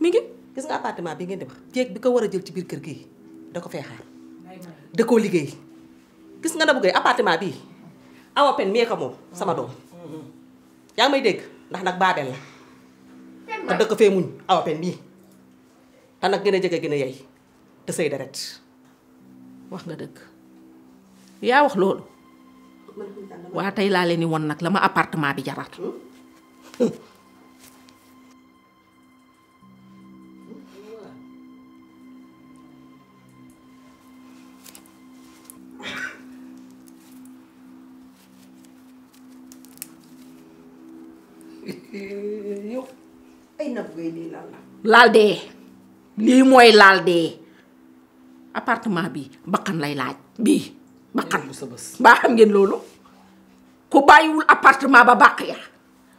Speaker 12: mi ngi gis nga appartement bi ngeen di wax jéeg bi ko war a jël ci biir kër gi da ko fee da koo liggéey gis nga ne Gueye appartement bii awa pen mee sama doom yaa dégg ndax nag baabel la te dëkk fee muñ awa nag gën a jege gën a yey te say deret
Speaker 1: wax nga dëgg yaa wax loolu waa tey laa leen di won nag la ma appartement bi jarat hmm?
Speaker 12: Eh, yow ay Nabou lii
Speaker 1: laal dee lii mooy laal dee appartement bi bakkan lay laaj bii bakkan baa xam ngeen loolu ku bàyyiwul appartement ba bàq ya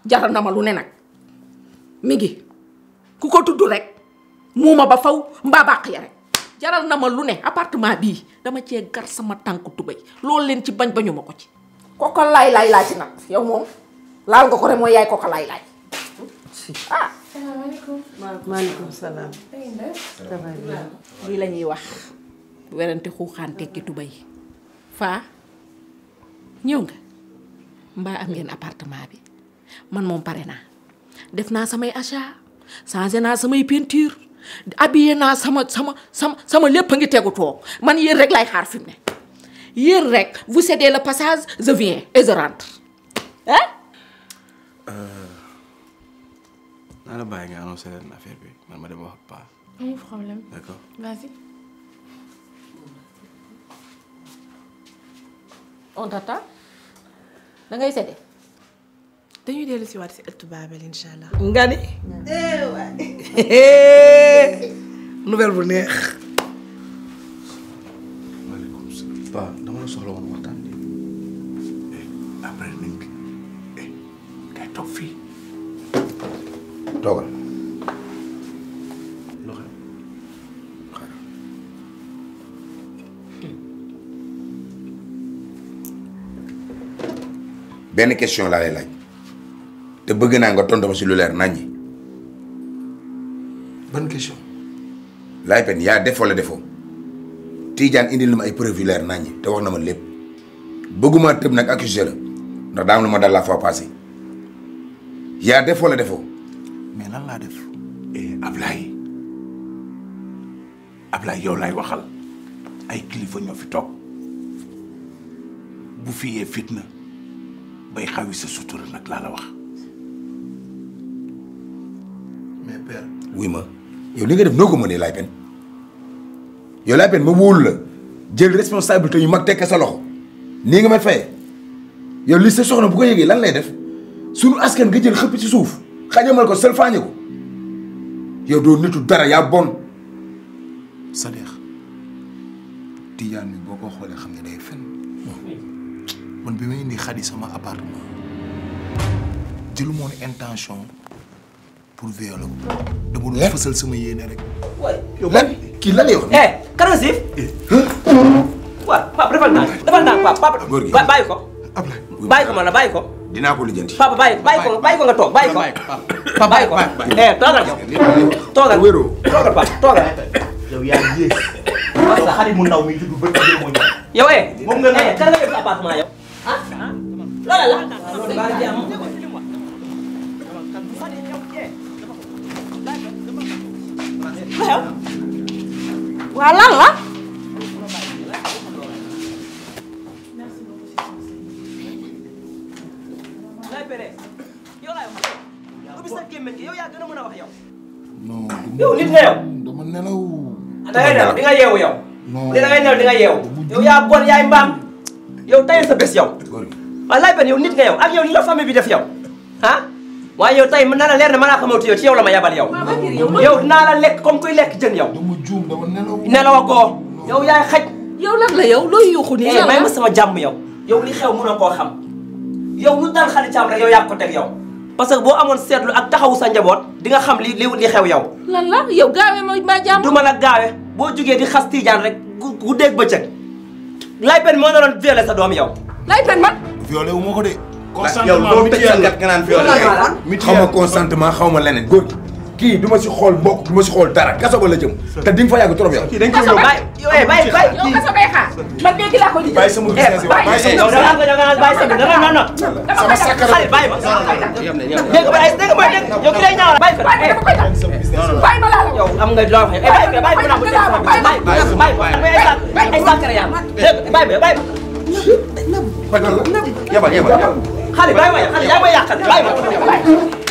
Speaker 1: jaral na ma lu ne nag mi ku ko tudd rek muuma ba faw mbaa bàq ya rek jaral na ma lu ne appartement bii dama cee gar sama tànk tubéy loolu leen ci bañ bañu ma ko ci koko lay lay laaj nag yow moom laal nga ko rek mooy yaay kooka laay laaj. ah.
Speaker 3: salaamaaleykum.
Speaker 1: maaleykum salaam. lii la ñuy wax. werante xuuxaan tubay. faa ñëw nga. mbaa am ngeen appartement bi man moom pare naa def naa samay achat changé naa samay peinture habillé naa sama sama sama sama lépp ngi tegu toog man yéen rek laay xaar fi mu ne yéen rek vous cédez la passage je viens et je rentre
Speaker 3: ah.
Speaker 4: Je vais annoncer affaire man ma pas
Speaker 3: problème d'accord vas-y. on t'attend da ngay sete. si waat si Inch'Allah. Eh,
Speaker 12: eh.
Speaker 1: nouvelle bu neex. maaleykum
Speaker 4: dama te
Speaker 6: toog fii. toogal. Hmm. benn question laa lay laaj te bëgg naa nga tontu ma si lu leer naññi. ban question. laay pen yaa def wala defoo Tidiane indil na ma ay preuve yu leer te wax na ma lépp bëgguma tëb nag accusé la ndax daam lu ma dal la fois passé yaa def wala defoo. mais lan laa def. Eh, Ablaye Ablaye yow laay waxal ay kilifa ñoo fi toog bu fi yee fitna bay xawi sa sutura nag laa la wax. mais père. wuy ma yow li nga def noo ko mënee laay pen yow laay pen ma wóolu la jël responsabilité yu mag tekke sa loxo nii nga may fayee yow li sa soxna bu ko yëgee lan lay def. suñu askan nga jël xëpp ci suuf xajamal ko sel faañe ko yow doo nitu dara yaa bon Sadeex Tijaan mi boo ko xoolee xam ne day fen man bi may indi Xadi sama appartement jëlu moon intention pour violer ko dama doon fësal sama yéene rek lan kii lan lay wax eh karasif eh.
Speaker 13: waaw papa defal naa defal naa papa papa bàyyi ko Ablaye man la bàyyi ko dinaa ko lijjanti. papa bàyyi bàyyi ko bàyyi ko nga toog bàyyi ko. papa bàyyi ko eh toogal toogal wéro toogal papa toogal. yow yaa ngi yéeg. sa xarit mu ndaw mi juddu bëri na yow moo ñëw. yow eh. moom nga ne eh, kan nga def appartement yow.
Speaker 12: ah loola la. loolu baa ngi am. waaw lan la.
Speaker 13: gémmiñ gi yow a mën a wax yow. non yow nit nga yow. dama nelaw. Ah, da ngay nelaw di nga yeewu yow. non da ngay nelaw di nga yow yaa bon yaay mbaam. yow tayal sa bés yow. waaw laaj yow nit nga yow ak yow li la famille bi def yow ah. waaye yow tey mën naa la leer ne mën naa xamante yow ci yow la ma yabal yow. yow dinaa la lekk comme kuy lekk jën yow. dama juum dama nelaw. nelaw ko yow yaay xaj. yow lan la yow looy yuuxu nii. Eh, may ma sama jàmm yow. yow li xew mënoo koo xam yow lu dal xale càmm rek yow yaa ko yow parce que boo amoon seetlu ak taxawu sa njaboot di nga xam li li xew yow.
Speaker 1: lan la yow gaawee ma ma jàmm. du
Speaker 13: ma la gaawee boo jugee di xas tiijaan rek gu gu dégg bëccëg lay pen moo la doon sa doom yow. lay pen man. violé wu ko de. consentement mutuel
Speaker 6: yow doo tëj xaw ma consentement xaw leneen góor kii du ma si xool mbokk du ma si xool dara kaso ba la jëm te di nga fa yàgg trop yow. kaso bay
Speaker 1: bay bay yow kaso bay xaar man léegi laa ko liggéey. bay sama business yow bay sama business yow da ngaa bay sama dama non non. sama sakara xale bay ma. dégg nga bay dégg nga bay dégg yow ki lay ñaaw
Speaker 13: la bay fa. bay ma laa la yow am nga loo xam bay bay ma naa ko bay bay bay bay ay sakara yaa bay bay bay yabal yabal yabal xale bay ma xale yaa ma yàqal bay ma